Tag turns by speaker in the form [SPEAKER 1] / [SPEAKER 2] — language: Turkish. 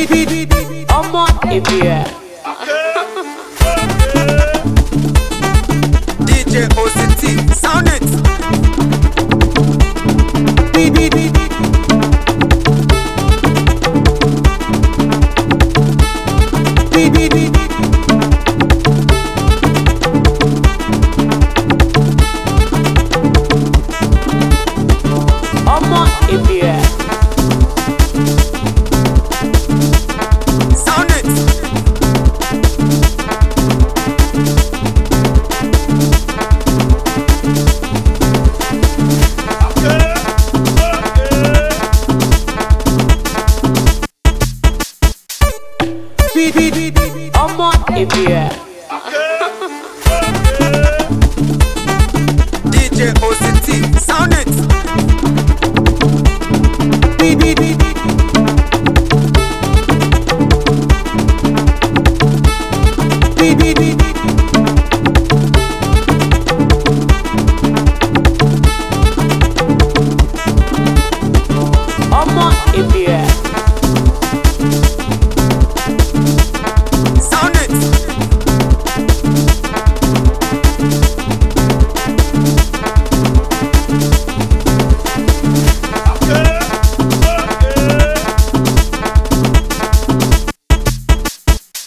[SPEAKER 1] beat, beat, beat, beat. I'm on everywhere.
[SPEAKER 2] DJ OCT, sound it. Beat, beat, beat, beat.
[SPEAKER 1] bit bit bit Ama ibiye
[SPEAKER 2] DJ OCT sound it Bit bit bit
[SPEAKER 3] Bit